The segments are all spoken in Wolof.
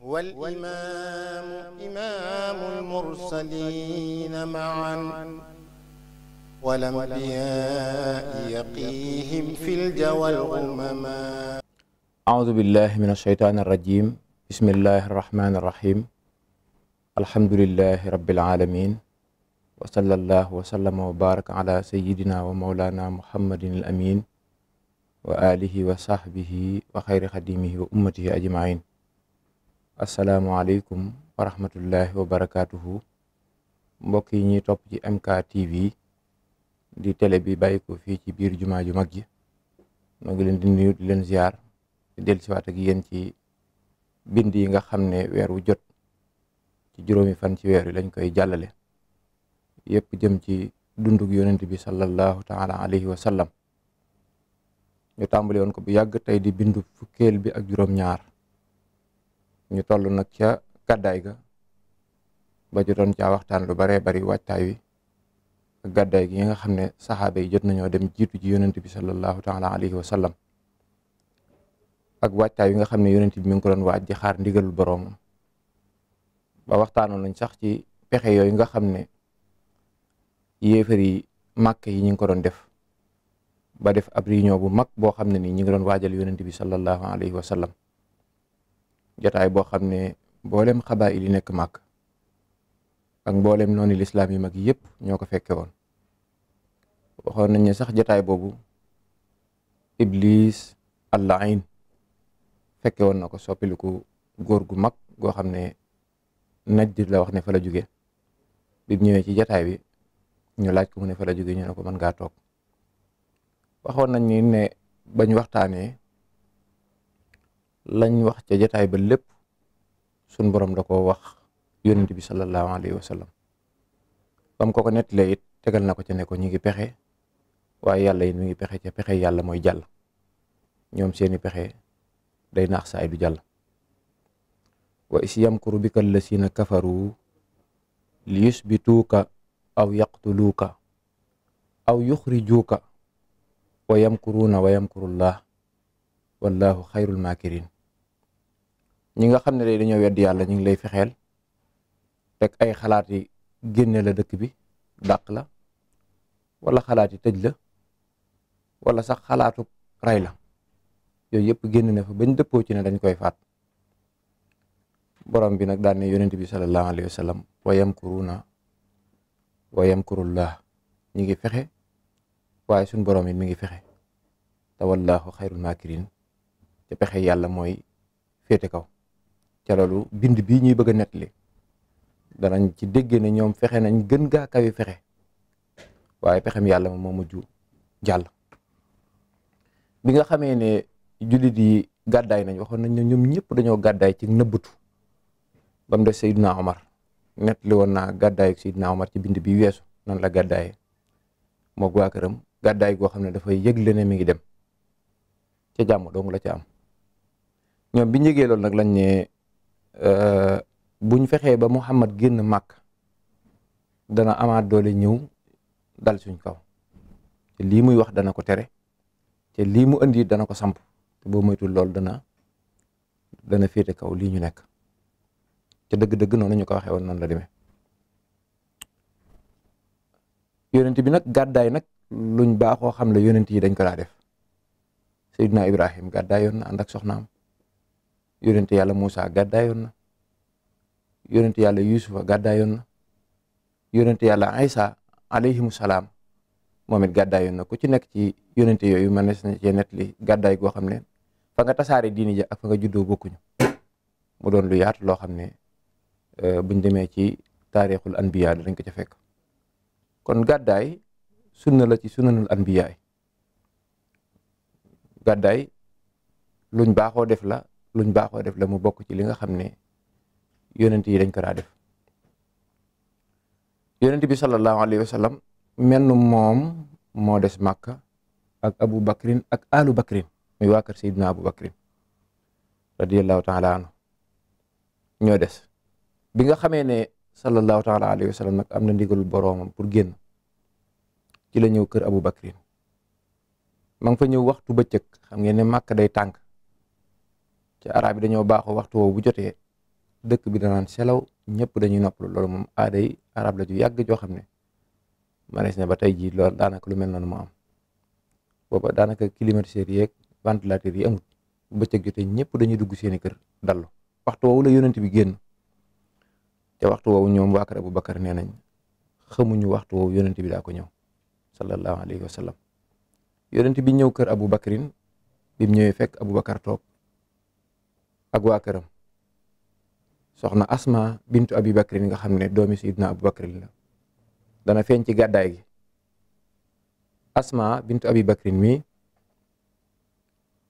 والإمام إمام المرسلين معا والأنبياء يقيهم في الجوى الغمما أعوذ بالله من الشيطان الرجيم بسم الله الرحمن الرحيم الحمد لله رب العالمين وصلى الله وسلم وبارك على سيدنا ومولانا محمد الأمين وآله وصحبه وخير خديمه وأمته أجمعين asalaamualeykum wa rahmatullahi wa barakaatuhu mbokk yi ñuy topp ci MK TV di tele bi bàyyi ko fii ci biir jumaa ju mag ji noo leen di nuyu di leen ziar di dellusiwaat ak yéen ci bind yi nga xam ne weer wu jot ci juróomi fan ci weer wi lañ koy jàllale yëpp jëm ci dundug yonent bi sallallahu taala alayhi wa sallam ñu tàmbali ko bu yàgg tey di bindu fukkeel bi ak juróom-ñaar ñu toll nag ca gàddaay ga ba jotoon caa waxtaan lu baree bari waajtaay wi ak gàddaay gi nga xam ne saxaaba yi jot nañoo dem jiitu ji yonent bi sallallahu taala alayhi wa sallam ak waajtaay wi nga xam ne yonent bi mi ngi ko doon waaj di xaar ndigalul boroomam ba waxtaanoon nañ sax ci pexe yooyu nga xam ne yéefar yi màkk yi ñu ngi ko doon def ba def ab réunion bu mag boo xam ne nii ñu ngi doon waajal yonent bi sallallahu alayhi wa sallam jotaay boo xam ne mboolem xabaa ili nekk màkk ak mboolem noonu lislaam yi mag yëpp ñoo ko fekke woon waxoon nañ ne sax jataay boobu iblis allahin fekke woon na ko soppiliku góor gu mag goo xam ne najd la wax ne fa la jóge bi ñëwee ci jataay bi ñu laaj mu ne fa la jóge ñu ne ko mën ngaa toog waxoon nañ ne bañ waxtaanee lañ wax ca jotaay ba lépp suñ borom la ko wax yonent bi sallallahu alayhi wa sallam bam ko ko nettalee it tegal na ko ca ne ko ñu ngi pexe waaye yàlla yi ñu ngi pexe ca pexe yàlla mooy jàll ñoom seeni pexe day naax saay du jàll wa is yamkuru bika allasina kafaru li yusbituuka aw yaqtuluuka aw yuxrijuuka wa na wa yamkurullah wallahu xayrul maakirin ñi nga xam ne day dañoo wedd yàlla ñu ngi lay fexeel teg ay xalaat yi génne la dëkk bi dàq la wala xalaat yi tëj la wala sax xalaatu rey la yooyu yëpp génn na fa bañ dëppoo ci ne dañ koy faat borom bi nag daan ne yonent bi sallallahu alayhi wa sallam wa yamkuruuna wa yamkurullah ñi ngi fexe waaye suñ borom yi mi ngi fexe te wallahu xayrul maakirin te pexe yàlla mooy féete kaw ca loolu bind bii ñuy bëgg a nettali danañ ci dégg ne ñoom fexe nañ gën gaa kawi fexe waaye pexem yàlla moo mujj jàll bi nga xamee ne jullit yi gàddaay nañ waxoon nañ ne ñoom ñëpp dañoo gàddaay ci nëbbatu ba mu des Seydina Omar nettali woon naa gàddaayu Seydina Omar ci bind bi weesu nan la gàddaaye moog waa këram gàddaay goo xam ne dafay yëgle ne mi ngi dem ca jàmm dong la ca am ñoom bi ñu yëgee nag lañ ne euh, buñ fexee ba Muhammad génn màkk dana amaat doole ñëw dal suñ kaw te lii muy wax dana ko tere te lii mu indi dana ko samp te boo moytul lool dana dana féete kaw lii ñu nekk te dëgg-dëgg noonu ñu ko waxee woon noonu la deme yonent bi nag gàddaay nag luñ baaxoo xam la yonent yi dañ ko daa def Seydina Ibrahim gàddaay yoon na ànd ak soxnaam yonente yàlla Moussa gàddaayoon na yonente yàlla Yuusufa gàddaayoon na yonente yàlla Aysa alayhimu salaam moom it gàddaayoon na ku ci nekk ci yonente yooyu mënees na cee nettali gàddaay goo xam ne fa nga tasaare diini ja ak fa nga juddoo bokkuñu mu doon lu yaatu loo xam ne euh, buñ demee ci taarixul anbiya dañ ko ca fekk kon gàddaay sunna la ci sunanul anbiyaay gàddaay luñ baaxoo def la lu ñu baaxoo def la mu bokk ci li nga xam ne yonent yi dañ ko daa def yonent bi sallallahu alayhi wa sallam menn moom moo des màkka ak abu bakrin ak alu bakrin muy waa kër sayyidina abu bakrin radiallahu taala ñoo des bi nga xamee ne sallallahu taala alayhi wa sallam nag am na ndigalul boroomam pour génn ci la ñëw kër abu bakrin ma nga fa ñëw waxtu bëccëg xam ngeen ne màkk day tànk ci arab yi dañoo baaxoo waxtu woowu bu jotee dëkk bi danaan selaw ñëpp dañuy noppalu loolu moom aaday arab la ju yàgg joo xam ne manees ne ba tey jii loolu daanaka lu mel noonu moo am booba daanaka climatiseur yeeg ventilateur yi amut bëccëg jotee ñëpp dañuy dugg seeni kër dallo waxtu woowu la yonent bi génn te waxtu woowu ñoom waa kër Abu Bakar nee nañ xamuñu waxtu woowu yonent bi daa ko ñëw sallallahu alayhi wa sallam yonent bi ñëw kër Abu Bakrin bi mu ñëwee fekk Abu Bakar toog ak waa këram soxna Asma bintu Abi Bakrin nga xam ne doomi Sayyidina Abu Bakrin la dana feeñ ci gàddaay gi Asma bintu Abi Bakrin mi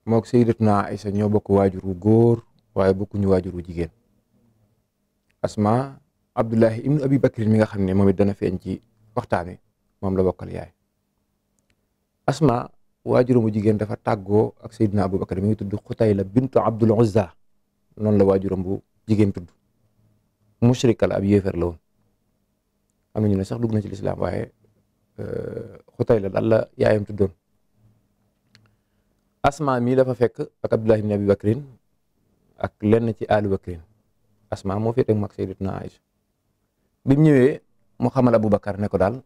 mook Sayyidatuna Aysa ñoo bokk waajuru góor waaye bokkuñu waajuru jigéen Asma Abdullahi ibnu Abi mi nga xam ne moom it dana feeñ ci waxtaan wi moom la bokkal yaay Asma waajuru mu jigéen dafa tàggoo ak Sayyidina Abu Bakr mi ngi tudd la bintu Abdul Uzza noonu la waajuram bu jigéen tudd mushrika la ab yéefar la woon am nañu ne sax na ci lislaam waaye euh, xutay la daal la yaayam tuddoon asma mii dafa fekk ak abdullahi ibn abi bakrin ak lenn ci alu bakrin asma moo féete mag sayyidatuna Aïcha bi mu ñëwee mu xamal aboubacar ne ko daal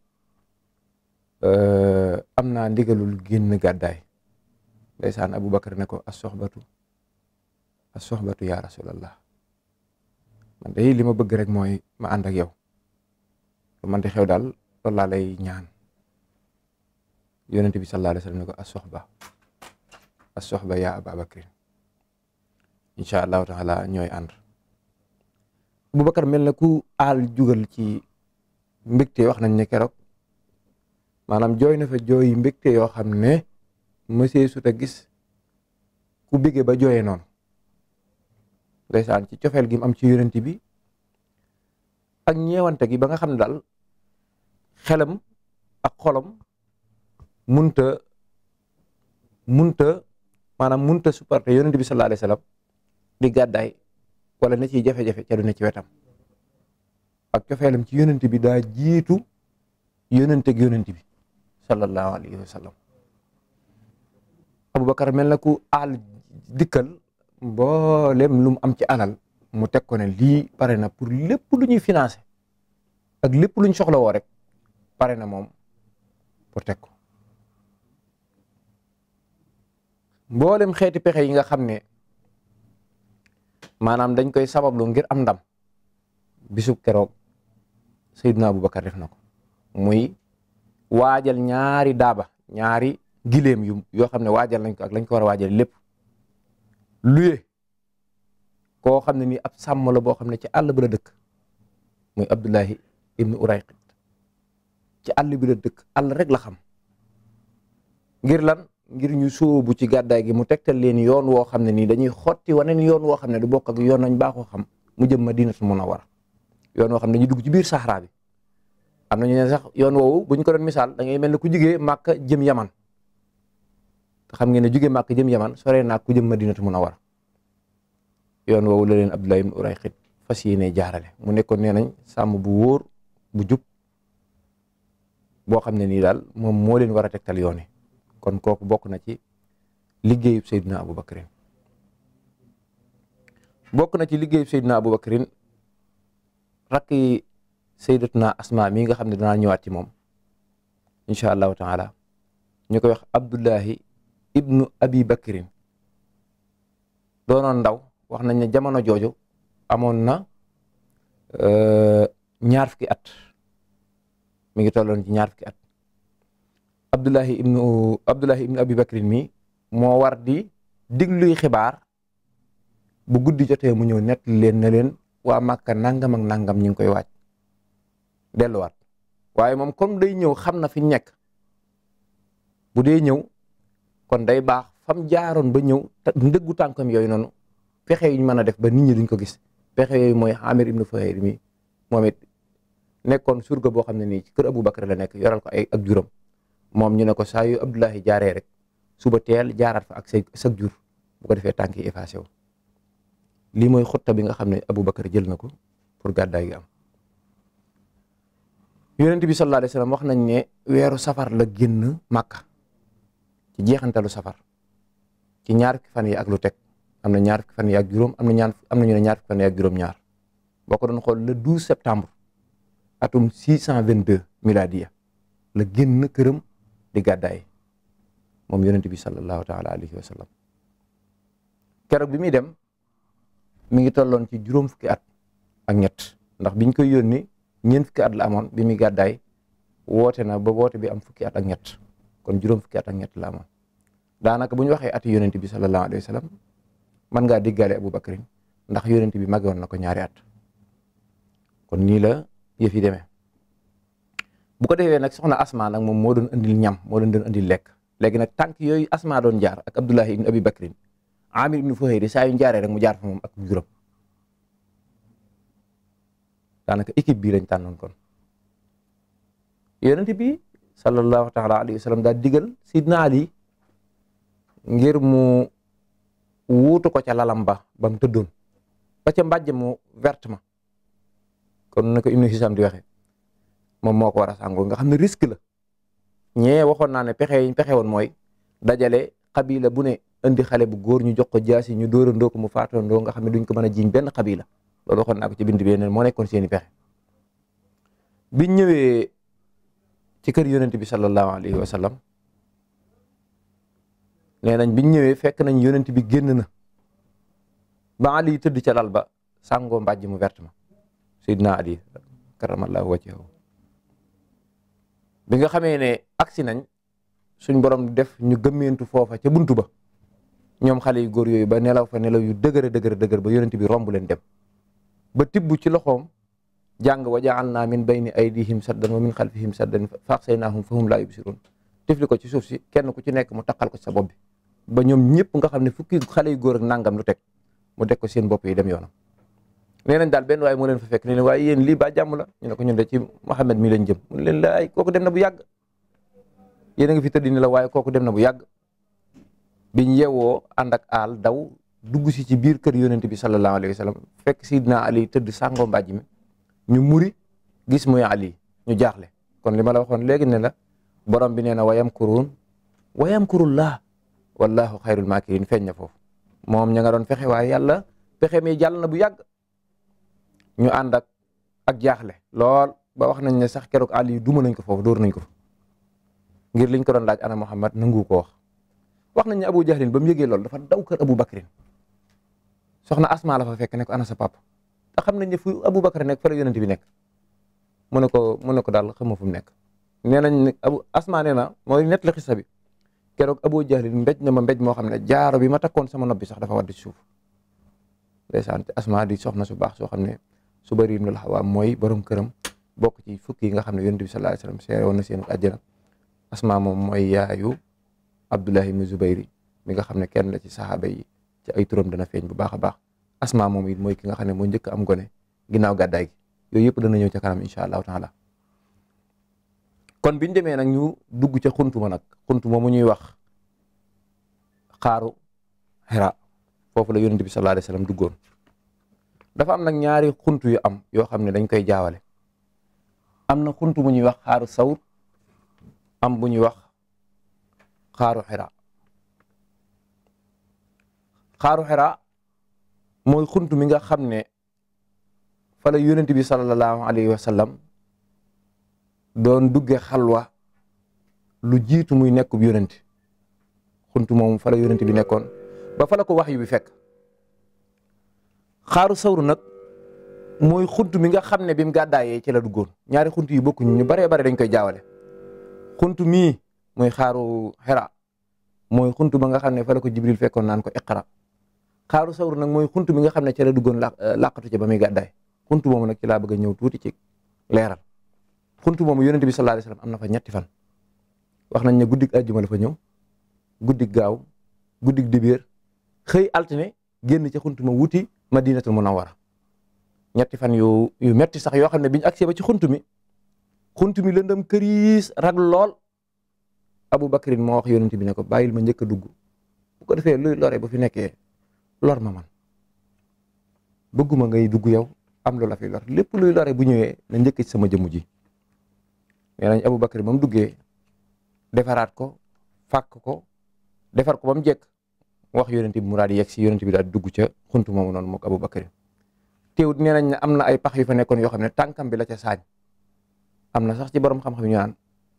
euh, am naa ndigalul génn gàddaay ndeysaan aboubacar ne ko as soxbatu as-sohbatu yaa rasulallah man day li ma bëgg rek mooy ma ànd ak yow lu xew daal loolu laa ñaan yonente bi sallallahu alayhi ne ko as-sohba as-sohba yaa Aba Bakrin incha allahu taala ñooy ànd Aboubacar mel na ku aal jugal ci mbégte wax nañ ne keroog maanaam jooy na fa jooy mbégte yoo xam ne mësee sut gis ku bégee ba jooyee noonu ndeysaan ci cofeel gi mu am ci yonent bi ak ñeewante gi ba nga xam ne daal xelam ak xolam munta munta maanaam munta supporté yonent bi sallallahu alayhi wasallam di gàddaay wala ne ciy jafe-jafe ca du ne ci wetam ak cofeelam ci yonent bi daa jiitu yonent ak yonent bi sallallahu alayhi wasallam Abubakar mel na ku aal dikkal mboolem lu mu am ci alal mu teg ko ne lii pare na pour lépp lu ñuy financé ak lépp lu ñu soxla woo rek pare na moom pour teg ko mboolem xeeti pexe yi nga xam ne maanaam dañ koy sabablu ngir am ndam bisub keroog Seydina Abubakar def na ko muy waajal ñaari daaba ñaari gileem yu yoo xam ne waajal nañ ko ak lañ ko war a lépp luye koo xam ne nii ab sàmm la boo xam ne ci àll bu la dëkk muy Abdullahi ibnu Urayqit ci àll bi la dëkk àll rek la xam ngir lan ngir ñu sóobu ci gàddaay gi mu tegtal leen yoon woo xam ne nii dañuy xotti waneen yoon woo xam ne du bokk ak yoon nañ baaxoo xam mu jëm Madinatul Munawwara yoon woo xam ne dañuy dugg ci biir Sahara bi am nañu ne sax yoon woowu buñ ko doon misaal da ngay mel ne ku jigee Màkka jëm Yaman xam ngeen ne jóge màkk jëm yaman sore naa ku jëm madinatu a yoon woowu la leen Abdullah ibn Urayqit fas yéene jaarale mu nekkoon nee nañ sàmm bu wóor bu jub boo xam ne nii daal moom moo leen war a tegtal yoon yi kon kooku bokk na ci liggéeyub Seydina Aboubacrin bokk na ci liggéeyub Seydina Aboubacrin rakk yi Seydatuna Asma mii nga xam ne danaa ñëwaat ci moom incha allahu taala ñu koy wax Abdullahi ibnu abi bakrin ndaw wax nañ ne jamono jooju amoon na euh, ñaar fukki at mi ngi tolloon ci ñaar fukki at abdullahi ibnu abdullahi mi moo war di digluy xibaar bu guddi jotee mu ñëw nett leen na leen waa Màkka nangam nangam ñu ngi koy waaj delluwaat waaye moom comme day ñëw xam na fi nekk bu dee ñëw kon day baax fam jaaroon ba ñëw ndëggu tànkam yooyu noonu pexe yiñ ñu mën a def ba nit ñi duñ ko gis pexe yooyu mooy Amir ibnu Fuhayr mi moom it nekkoon surga boo xam ne nii ci kër Abu Bakar la nekk yoral ko ay ak juram moom ñu ne ko saa yu Abdullahi jaaree rek suba teel jaaraat fa ak say sag jur bu defee tànk yi effacé wu lii mooy xutta bi nga xam ne Abu Bakar jël na ko pour gàddaay am yonent bi sallallahu alayhi wasallam wax nañ ne weeru safar la génn Màkka ci jeexantalu safar ci ñaar fukki fan yi ak lu teg am na ñaar fukki fan yi ak juróom am na ñaar am na ñu ne ñaar fukki fan yi ak ñaar boo ko doon xool le 12 septembre atum 622 miladiya la génn këram di gàddaay moom yonent bi sallallahu taala alayhi wa sallam keroog bi muy dem mi ngi tolloon ci juróom fukki at ak ñett ndax biñ koy yónni ñeent fukki at la amoon bi muy gàddaay woote na ba woote bi am fukki at ak ñett kon juróom fukki at ak ñett la amoon daanaka bu ñu waxee ati yonent bi sallallahu alayhi wa sallam mën ngaa diggaale Abu Bakrin ndax yonent bi màggoon na ko ñaari at kon nii la yëf yi demee bu ko defee nag soxna Asma nak moom moo doon andil ñam moo doon doon andil lekk léegi nag tànk yooyu Asma doon jaar ak Abdullahi ibn Abi Bakrin Amir ibn Fuhayri saa yu jaaree rek mu jaar fa moom ak juróom daanaka équipe bii lañ tànnoon kon yonent sallallahu taala alayhi wa sallam daal digal sidna ali ngir mu wuutu ko ca lalam ba ba mu tëddoon ba ca mbàjj mu verte ma kon na ko ibnu hisam di waxee moom moo ko war a sàngoo nga xam ne risque la ñee waxoon naa ne pexe yi pexe woon mooy dajale xabila bu ne indi xale bu góor ñu jox ko jaasi ñu dóorandoo ko mu faatandoo nga xam ne duñ ko mën a jiiñ benn xabila loolu waxoon naa ko ci bind bi yeneen moo nekkoon seeni pexe biñ ñëwee ci kër yonent bi sallallahu alayhi wa sallam nee nañ biñ ñëwee fekk nañ yonent bi génn na ba Ali tëdd ca lal ba sàngoo mbàjj mu vert ma Seydina Ali karamallahu wajhahu bi nga xamee ne agsi nañ suñ borom def ñu gëmmeentu foofa ca buntu ba ñoom xale yu góor yooyu ba nelaw fa nelaw yu dëgër dëgër dëgër ba yonent bi romb leen dem ba tibbu ci loxoom jàng wa ja'alna min bayni aydihim saddan wa min xalfihim saddan fa axsaynaahum fa hum laa yubsiruun tifli ko ci suuf si kenn ku ci nekk mu taqal ko ci sa bopp bi ba ñoom ñëpp nga xam ne fukki xale yu góor ak nangam lu teg mu teg ko seen bopp yi dem yoona nee nañ daal benn waaye moo leen fa fekk ne leen waaye yéen lii ba jàmm la ñu ne ko ñun de ci Mouhamed mii lañ jëm mu ne leen la dem na bu yàgg yéen a ngi fi tëddi ni la waaye kooku dem na bu yàgg biñ yeewoo ànd ak aal daw dugg si ci biir kër yonent bi sallallahu alayhi wa sallam fekk sidna Ali tëdd sàngoo mbàjj mi ñu muri gis muy ali ñu jaaxle kon li ma la waxoon léegi ne la borom bi nee na wayam kuruun wayam kurullah wallahu xayrul maakirin feeñ na foofu moom ña nga doon fexe waaye yàlla pexe mi jàll na bu yàgg ñu ànd ak ak jaaxle lool ba wax nañ ne sax keroog àll yi duma nañ ko foofu dóor nañ ko fa ngir liñ ko doon laaj ana Muhammad nangu ko wax wax nañ ne Abu Jahlin ba mu yëgee loolu dafa daw kër Abu Bakrin soxna Asma la fa fekk ne ko ana sa papp te xam nañ ne fu Aboubacar nekk fa la yonent bi nekk mu ne ko mu ne ko daal xam ma fu mu nekk nee nañ ne abu asmaa nee na mooy net la xisa bi keroog Abu Jahl mbéj na ma mbéj moo xam ne jaaro bi ma takkoon sama nopp bi sax dafa war di suuf ndeysaan asmaa di soxna su baax soo xam ne Subayr ibn al mooy borom këram bokk ci fukki yi nga xam ne yonent bi sallallahu alayhi wasallam seere woon na seen àjjana asmaa moom mooy yaayu Abdullah ibn Zubayr mi nga xam ne kenn la ci saxaaba yi ci ay turam dana feeñ bu baax a baax asma moom it mooy ki nga xam ne moo njëkk am gone ginnaaw gàddaay gi yooyu yëpp dana ñëw ca kanam incha allahu taala kon bi ñu demee nag ñu dugg ca xuntu ma nag xuntu mu ñuy wax xaaru xira foofu la yonent bi sallallahu alayhi duggoon dafa am nag ñaari xuntu yu am yoo xam ne dañ koy jawale am na xuntu bu ñuy wax xaaru sawr am bu ñuy wax xaaru xira xaaru xira mooy xunt mi nga xam ne fa la yonent bi sallallahu alayhi wa sallam doon dugge xalwa lu jiitu muy nekkub yonent xunt moom fa la bi nekkoon ba fa la ko wax yu bi fekk xaaru sawru nag mooy xunt mi nga xam ne bi mu gàddaayee ci la duggoon ñaari xunt yi bokkuñu ñu baree bare dañ koy jaawale xunt mii mooy xaaru xera mooy xunt ba nga xam ne fa la ko jibril fekkoon naan ko iqra xaaru sawru nag mooy xunt bi nga xam ne ca la duggoon làqatu eh, ca ba muy gàddaay xunt moomu nag ci laa bëgg a ñëw tuuti ci leeral xunt moomu yonente bi sallallahu am na fa ñetti fan wax nañ ne guddik àjjuma la fa ñëw guddik gaaw guddik dibéer xëy altine génn ca xunt ma wuti madinatul munawwara ñetti fan yu yu metti sax yoo xam ne biñu agsee ba ci xunt mi xunt mi lëndëm këriis rag lool Abu Bakrin moo wax yonente bi ne ko bàyyil ma njëkka a dugg bu ko defee bu fi nekkee lor ma man bëgguma ngay dugg yow am loolu fi lor lépp luy lore bu ñëwee na njëkk sama jëmm ji nee nañ Abu Bakar ba mu duggee defaraat ko fàkk ko defar ko ba mu jekk wax yonent bi mu daal di yegg si yonent bi daal di dugg ca xuntu moomu noonu mook Abu Bakar teewut nee nañ ne am na ay pax yu fa nekkoon yoo xam ne tànkam bi la ca saañ am na sax ci borom xam-xam yu ñu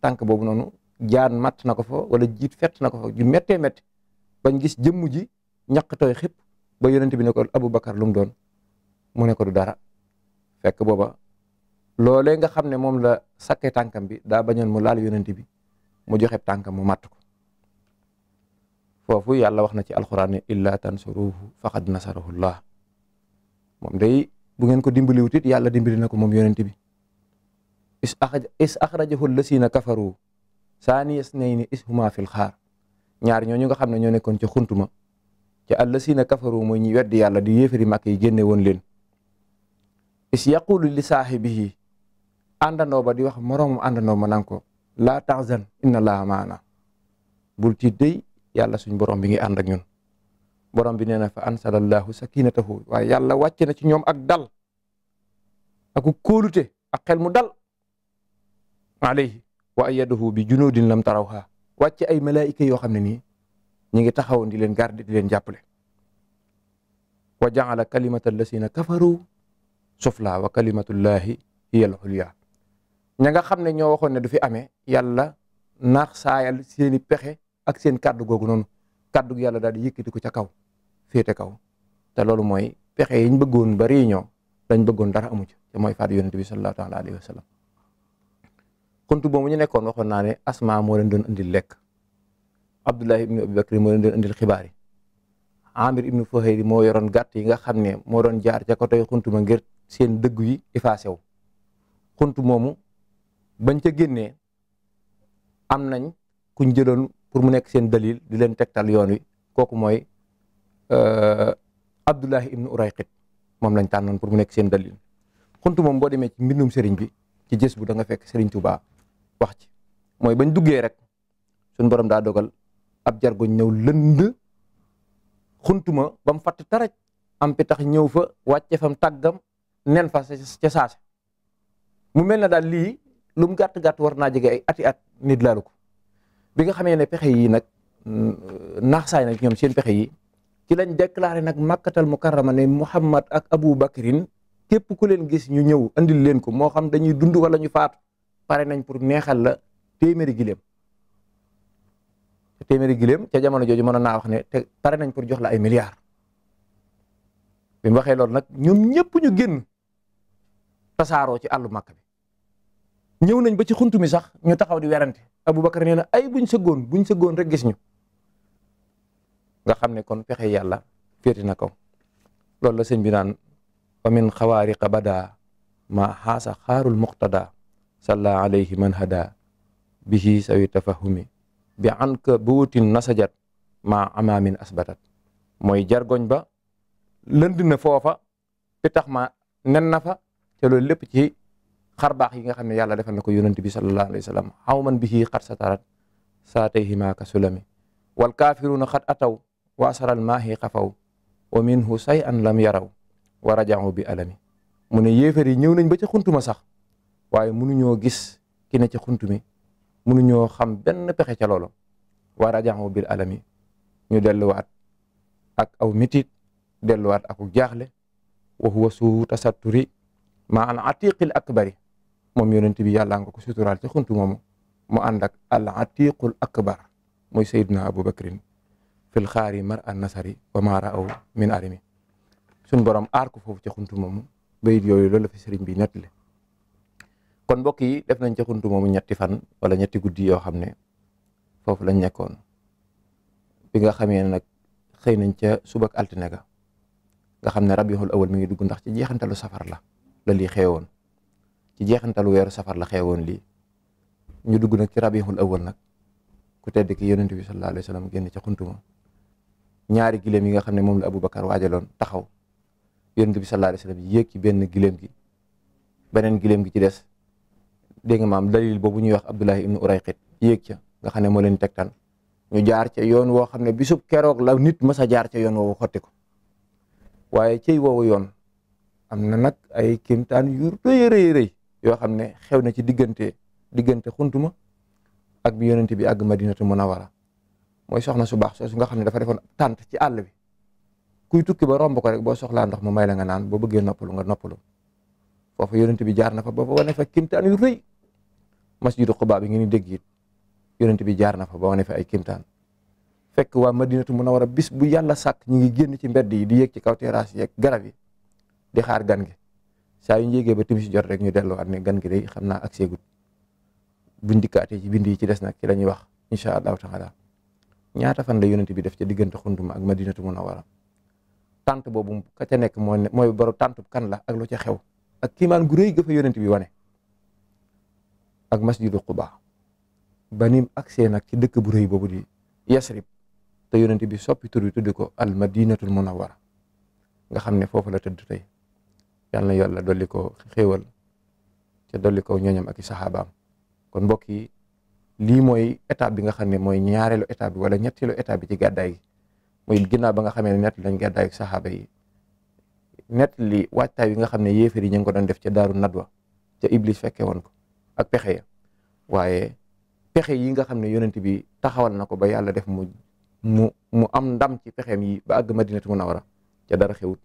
naan boobu noonu jaan matt na ko fa wala jiit fet na ko fa ju méttee métti bañ gis jëmm ji ñaq tooy ba yonent bi ne ko Aboubacar lu mu doon mu ne ko du dara fekk booba loole nga xam ne moom la sakkee tànkam bi daa bañoon mu laal yonent bi mu joxe tànkam mu màtt ko foofu yàlla wax na ci alxuraan ne illaa tansuruhu faqad nasarahu llah moom day bu ngeen ko dimbaliwut it yàlla dimbali na ko moom yonent bi is is axrajahu lasina kafaru saaniya snayni is huma fil xaar ñaar ñooñu nga xam ne ñoo nekkoon ci xuntuma ci allasina kafaru mooy ñi weddi yàlla di yéefari màkk yi génne woon leen is yaqulu li saaxibihi àndandoo ba di wax moroomam àndandoo ma nang ko laa tahzan inna allaha maana bul tiit day yàlla suñ borom bi ngi ànd ak borom bi nee na fa ansalallahu sakinatahu waaye yàlla wàcce na ci ñoom ak dal aku kóolute ak xel mu dal alayhi wa ayyadahu bi junudin lam tarawha wàcce ay malaayika yoo xam ne nii ñi ngi taxawoon di leen garder di leen jàppale wa jaala kalimata allasina kafaru sufla wa kalimatullahi hiya alxulya ña nga xam ne ñoo waxoon ne du fi amee yàlla naax saayal seeni pexe ak seen kàddu googu noonu kàddu yàlla daal di yëkkati ko ca kaw féete kaw te loolu mooy pexe yi ñu bëggoon ba réunion dañ bëggoon dara amu ci te mooy faat yonent bi sallallahu taala alayhi wa sallam kuntu ñu nekkoon waxoon naa ne asma moo leen doon indil lekk Abdullah ibn Abi Bakr moo leen doon indil xibaar yi Amir moo yoroon gàtt yi nga xam ne moo doon jaar ca ko tey xuntuma ngir seen dëgg yi effacé wu xunt moomu bañ ca génnee am nañ kuñ jëloon pour mu nekk seen dalil di leen tegtal yoon wi kooku mooy euh, Abdullahi ibn Urayqit moom lañ tànnoon pour mu nekk seen dalil xunt moom boo demee ci mbindum sëriñ bi ci gis bu da nga fekk tu Tuubaa wax ci mooy bañ duggee rek suñ borom daa dogal ab jargoñ ñëw lënd xuntuma ba mu fatt taraj am pitax ñëw fa wàcce fam tàggam nen fa ca saase mu mel na daal lii lu mu gàtt-gàtt war naa jege ay ati at nit laalu ko bi nga xamee ne pexe yi nag mm, naax saay nag ñoom seen pexe yi ci lañ déclaré nag màkkatal mukarrama ne Muhammad ak Abu Bakrin képp ku leen gis ñu ñëw andil leen ko moo xam dañuy dund walla ñu faat pare nañ pour neexal la téeméeri giléem téeméeri giléem ca jamono jooju mën na wax ne te pare nañ pour jox la ay milliards bi mu waxee loolu nag ñoom ñëpp ñu génn tasaaroo ci àllu màkk bi ñëw nañ ba ci xuntu mi sax ñu taxaw di werante Aboubacar nee na ay buñ sëggoon buñ sëggoon rek gis ñu nga xam ne kon pexe yàlla féeti na kaw loolu la sëñ bi naan wa min xawaariqa bada ma xaasa xaarul muqtada salla alayhi man hada bihi sawi tafahumi bi an ka buutin nasajat maa amaamin asbatat mooy jargoñ ba lënd na foofa pitax ma nen na fa te loolu lépp ci xarbaax yi nga xam ne yàlla defal na ko yonent bi sallallahu alayhi wa sallam aw man bihi xat satarat saatayhima ka sulami wal kaafiruuna xat ataw wa asaral maahi xafaw wa minhu say an lam yaraw wa rajaaw bi alami mu ne yéefar yi ñëw nañ ba ca xuntuma sax waaye mënuñoo gis ki ci ca xuntumi mu mënuñoo xam benn pexe ca loolu waa rajaxu bil alami ñu delluwaat ak aw mitit delluwaat ak jaaxle wa huwa suu tasatturi ma al atiqil akbari moom yonent bi yàlla nga ko suturaal ci xuntu moomu mu ànd ak al atiqul akbar muy sayyidina abu bakrin fil xaari mar an nasari wa ma raaw min arimi suñ borom aar ku foofu ci xuntu moomu bayit yooyu loolu la fi sëriñ bi nettali kon mbokk yi def nañ jaxuntu moomu ñetti fan wala ñetti guddi yoo xam ne foofu lañ nekkoon bi nga xamee ne nag xëy nañ ca subak altine ga nga xam ne rabiul awal mi ngi dugg ndax ci jeexantalu safar la la lii xeewoon ci jeexantalu weeru safar la xeewoon lii ñu dugg nag ci rabiul awal nag ku tedd ki yonent bi sallallahu alayhi wa sallam génn ca xuntuma ñaari gileem yi nga xam ne moom la abu Aboubacar waajaloon taxaw yonent bi sallallahu alayhi wa sallam ci benn gileem gi beneen gileem gi ci des dégg nga maam dalil boobu ñuy wax Abdullahi ibnu Urayqit yéeg ca nga xam ne moo leen tegtal ñu jaar ca yoon woo xam ne bisub keroog la nit mës a jaar ca yoon woowu xotti ko waaye cey woowu yoon am na nag ay kéemtaan yu rëy rëy yoo xam ne xew na ci diggante diggante xuntuma ak bi yonent bi àgg Madinatu Munawara mooy soxna su baax soosu nga xam ne dafa defoon tànt ci àll bi kuy tukki ba romb ko rek boo soxlaa ndox mu may la nga naan boo bëggee noppalu nga noppalu masjidu Quba bi ngeen di dégg bi jaar na fa ba wane fa ay kimtaan fekk waa a munawara bis bu yàlla sàkk ñi ngi génn ci mbedd yi di yéeg ci kaw terrasse yeeg garab yi di xaar gan gi saa yu ñu ba timis jot rek ñu delluwaat ne gan gi day xam naa ak seegut buñ dikkaatee ci bind yi ci des nag ci la ñuy wax incha allahu taala ñaata fan la yonent bi def ci diggante xunduma ak madinatu munawara tant boobu ka ca nekk moo mooy borom tant kan la ak lu ca xew ak kiimaan gu rëy ga fa bi wane ak masjidu Quba ba nim agsee nag ci dëkk bu rëy boobu di Yasrib te yonent bi soppi tur bi tudd ko al madinatul munawwara nga xam ne foofu la tëdd tey yal na yàlla dolli ko xéewal te dolli ko ak i saxaabaam kon mbokk yi lii mooy étape bi nga xam ne mooy ñaareelu étape bi wala ñetteelu étape bi ci gàddaay gi muy ba nga xamee ne nett lañ gàddaay ak yi nett li waajtaay bi nga xam ne yéefar yi ñu ngi ko doon def ca daaru nadwa ca iblis fekke woon ko ak pexe waaye pexe yi nga xam ne yonent bi taxawal na ko ba yàlla def mu mu mu am ndam ci pexeem yi ba àgg madinatu munawara ca dara xewut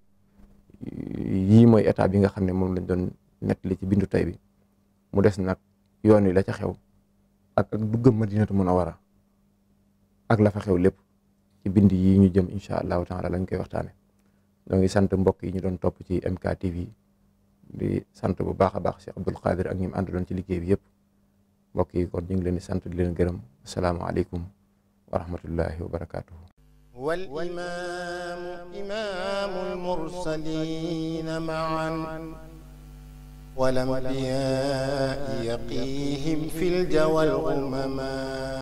yii mooy état bi nga xam ne moom lañ doon nettali ci bindu tay bi mu des nag yoon wi la ca xew ak ak duggam madinatu munawara ak la fa xew lépp ci bind yi ñu jëm incha allahu taala lañ koy waxtaane ñoo ngi sant mbokk yi ñu doon topp ci MK TV di sant bu baax a baax Cheikh Abdoul Khadir ak ñi mu àndaloon ci liggéey bi yëpp mbokk yi kon ñu ngi leen di sant di leen gërëm asalaamaaleykum wa rahmatullahi wa barakaatuhu. wal imaamu imaamul mursaliina ma'an wal anbiyaa'i yaqiihim fil jawwal umamaa